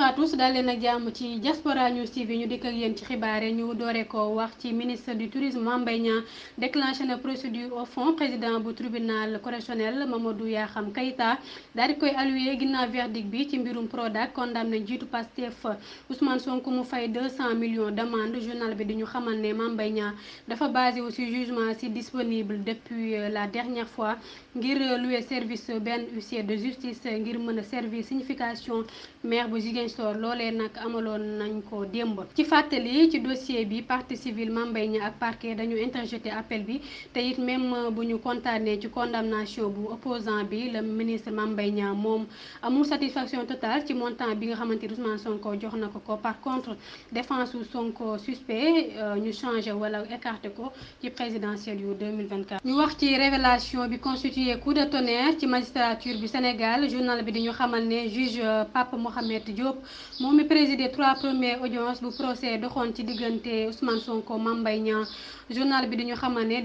à tous d'aller na ak jàmm ci Diaspora News TV ñu dikk ak yéen ci xibaar ñu doore ko wax ci ministre du tourisme Mame déclenche une na procédure au fond président du tribunal correctionnel Mamadou Yaxam Kayta, dal dikoy allouer ginnaw verdict bi ci mbirum Prodac condamné jitu Pastef Ousmane Sonko mu fay 200 millions de journal bi di ñu xamal ne Mame dafa basé aussi jugement si disponible depuis euh, la dernière fois ngir euh, louer service ben huissier de justice ngir mëna service signification maire bu sur loolee nag amaloon nañ ko démb ci fàttali ci dossier bi partie civile Mame Mbaye ak parquet dañu interjeté appel bi te it même bu ñu kontaanee ci condamnation bu opposant bi le ministre Mame mom Niang moom satisfaction totale ci montant bi nga xamante Ousmane Sonko jox na ko par contre défense son Sonko suspect euh, ñu changé wala écarté ko ci présidentielle yu 2024. ñu wax ci révélation bi constitué coup de tonnerre ci magistrature bi Sénégal journal bi di ñu xamal ne juge euh, Pape Mohamed Diop moom trois premières audiences du procès de ci diggante Ousmane Sonko Mame Le journal bi diñu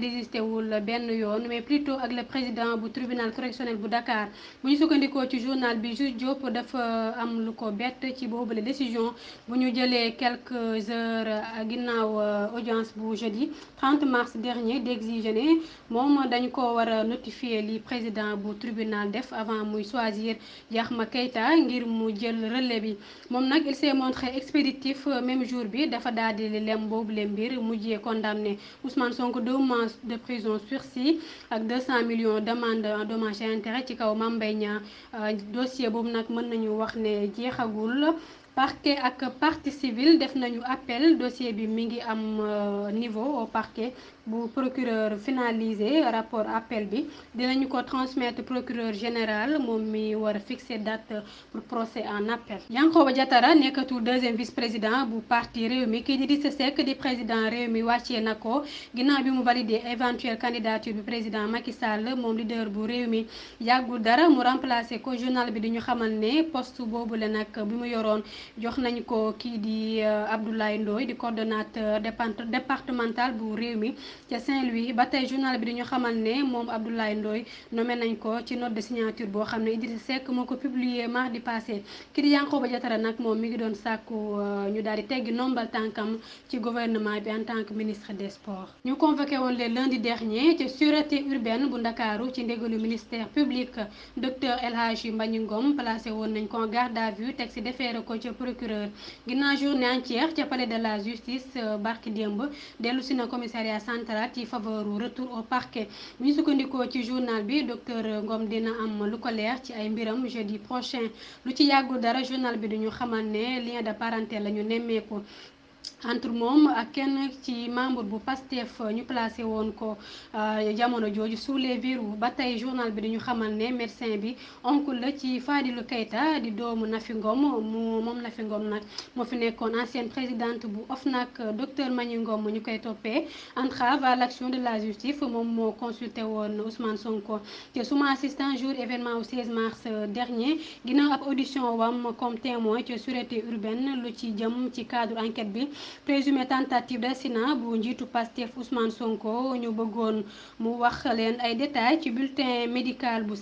désisté wul ben yoon mais plutôt ak le président du tribunal correctionnel bu Dakar buñu ñu ci journal bi juge Diop dafa am lu ko bett ci boobule décision buñu jëlé quelques heures ginnaw euh, audience bu jeudi 30 mars dernier d'exiger mom dañ ko wara notifier li président du tribunal def avant muy choisir Yaxma Keita ngir mu jël relais bi il s'est montré expéditif euh, même jour bi dafa daldi di lem boobu le mbir condamné Ousmane Sonko deux mois de prison sur sursis ak 200 millions demande en dommages et intérêts ci kaw Mame Mbaye euh, dossier bobu nak meun nañu wax né jeexagul parquet ak partie civile def nañu appel dossier bi mi ngi am euh, niveau au parquet bu procureur finalisé rapport appel bi dinañu ko transmettre procureur général mom mi war fixer date pour procès en appel. Yankhoba Diattara nekkatul deuxième vice président bu parti Rewmi kii di Idrissa que di président Rewmi wàccee na ko ginnaaw bi mu validé éventuelle candidature bi président Macky Sall mom leader bu Rewmi yàggul dara mu remplacé ko journal bi diñu xamal ne poste bobu la nak bimu yoron jox nañ ko kii di euh, Abdoulaye Ndoye di coordonnateur départemental bu réew mi ca Saint-Louis ba tey journal bi dañu xamal ne moom Abdoulaye Ndoye nommé nañ ko ci note de signature boo xam ne Idrissa Seck moo ko publié mardi passé kii di Yankhoba Diattara nag moom mi ngi doon sàkku euh, ñu daal di teggi nombal tànkam ci gouvernement bi en tant que ministre des sports ñu convoqué woon le lundi dernier ci sûreté urbaine bu Ndakaaru ci ndégalu ministère public docteur El Hadji Mbagnick placé woon nañ ko en garde à vue teg si defeere ko ci procureur une journée entière a palais de la justice euh, barki démb de l'usine na commissariat central ci faveur retour au parquet dit sukkandikoo ci journal le docteur Ngom dina am lu ko qui ci ay jeudi prochain lu ci yàggul dara journal bi duñu lien de parenté la ñu entre nous, ak membre bu PASTEF euh, ñu placé won ko euh, jamono sous les verrous bataille journal bi dañu xamal ne médecin bi oncle la ci Fadilou Keita di doomu Nafi Ngom Nafi fi présidente bu euh, docteur ñu à l'action de la justice mom mo consulté won Ousmane Sonko suma assistant jour événement au 16 mars dernier de audition wam comme témoin ci sûreté urbaine lu ci jëm ci cadre enquête bi présumé tentative d'assassinat bu njiitu Pastef Ousmane Sonko ñu bëggoon mu wax leen ay détails ci bulletin médical bu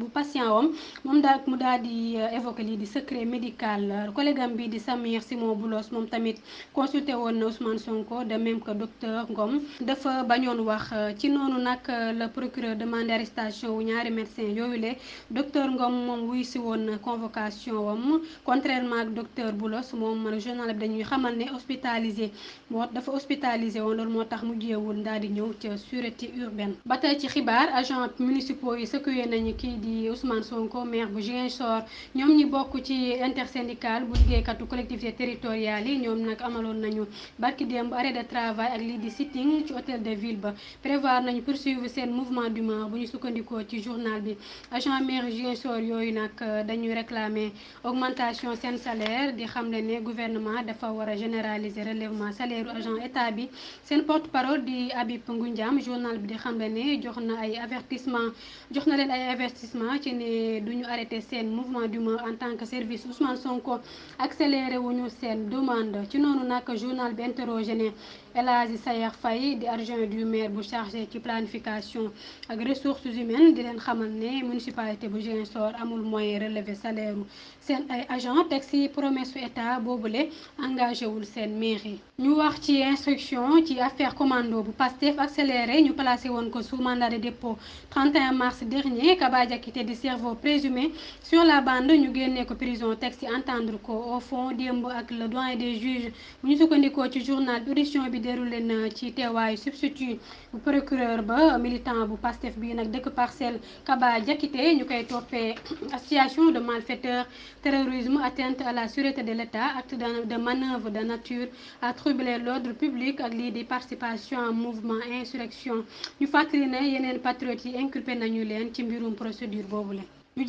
bu patient wam mom daal mu daal di euh, évoqué li di secret médical collègue am bi di Samir Simon Boulos mom tamit consulté won na Ousmane Sonko de même que docteur Ngom dafa bañoon wax euh, ci nonu nak euh, le procureur demande arrestation ñaari médecin yooyu docteur Ngom mom wuy si won convocation wam contrairement ak docteur Boulos mom journal dañuy xamal ne hospitalisé moo dafa hospitalisé woon loolu motax mu jéewul daal di ñëw sûreté urbaine ba tey ci xibar agent municipaux yi secoué nañu ki di Ousmane Sonko maire bu Ziguinchor ñom ñi bokku ci intersyndical bu liggéeykatu collectivité territoriale yi ñom nak amalon nañu barki démb arrêt de travail ak li di sitting ci hôtel de ville ba prévoir nañu poursuivre sen mouvement d'humeur bu ñu sukkandiko ci journal bi agent maire Ziguinchor yoyu nak dañuy réclamer augmentation sen salaire di xam gouvernement dafa wara les salaires salaires agents établis c'est le porte parole di Habib journal de di journal d'avertissement journal d'avertissement ay avertissement qui ay avertissement ci duñu arrêté mouvement en tant que service Ousmane Sonko accéléré wuñu seen demande ci noonu nag journal bi interrogé El Hadji Sayer Faye di adjoint du maire bu chargé ci planification ak ressources humaines di leen xamal ne municipalité bu Ziguinchor amul moyen relever salaire seen ay agent taxi promesse su état boobule engagé wul seen mairie. ñu wax ci instruction ci affaire commando bu passer accéléré ñu placé woon ko sous mandat de dépôt 31 mars dernier Kaba quitté des cerveau présumé sur la bande ñu génnee ko prison taxi entendre ko au fond démb ak le doyen des juges nous ñu sukkandikoo ci journal audition bi déroulé na ci teewaayu substitut procureur ba militant bu pastef bi nak deuk parcelle Kaba nous ñukay topé association de malfaiteurs terrorisme atteinte à la sûreté de l'État acte de manœuvre de nature à troubler l'ordre public ak li di participation en mouvement insurrection ñu fàttali ne yeneen patriotes yi inculpé nañu qui ci mbirum procédure vous leen ñu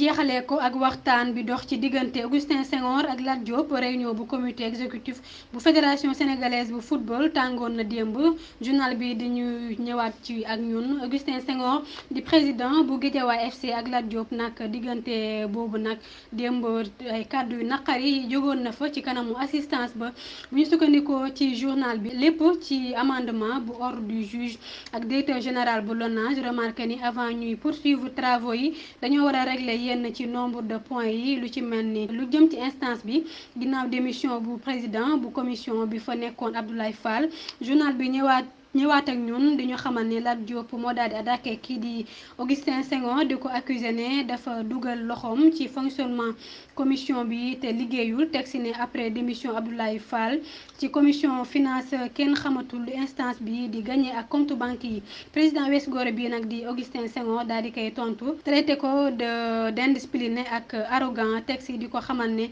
ko ak waxtaan bi dox ci Augustin Senghor ak Lat Diop réunion bu comité exécutif bu fédération sénégalaise bu football tangon na démb journal bi di ñu ñëwaat ci ak ñun Augustin Senghor di président bu Guédiawaye FC ak Lat Diop nag diggante boobu nag démb ay kàddu yu naqari na fa ci kanamu assistance ba bu ñu sukkandikoo ci journal bi lépp ci amendement bu ordre du juge ak directeur général bu LONASE remarqué ni avant ñuy poursuivre travaux yi dañoo wara calculer yenn ci nombre de points yi lu ci melni lu jëm ci instance bi ginnaaw démission bu président bu commission bi fa nekkoon Abdoulaye Fall journal bi ñëwaat ñëwaat ak ñun di ñu xamal ni Lat Diop moo daal di kii di Augustin Senghor di ko accusé ne dafa dugal loxoom ci fonctionnement commission bi te liggéeyul teg si ne après démission Abdoulaye Fall ci commission finance kenn xamatul instance bi di gagné ak compte banque yi président West Gorée bi nag di Augustin Senghor daal di koy tontu traité ko de d'indiscipliné ak arrogant teg si di ko xamal ne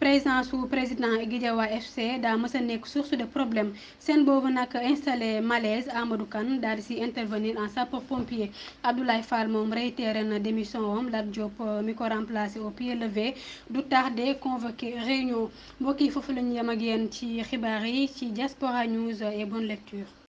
présence sous président Gidewa FC dans mës source de problème sen boobu nak installé malaise à Kane d'aller ci intervenir en sapeur pompier Abdoulaye Fall mom réitéré na démission wam Lat Diop euh, mi ko au pied levé du tarder, convoquer réunion mbokki fofu lañu la ak Diaspora News et bonne lecture.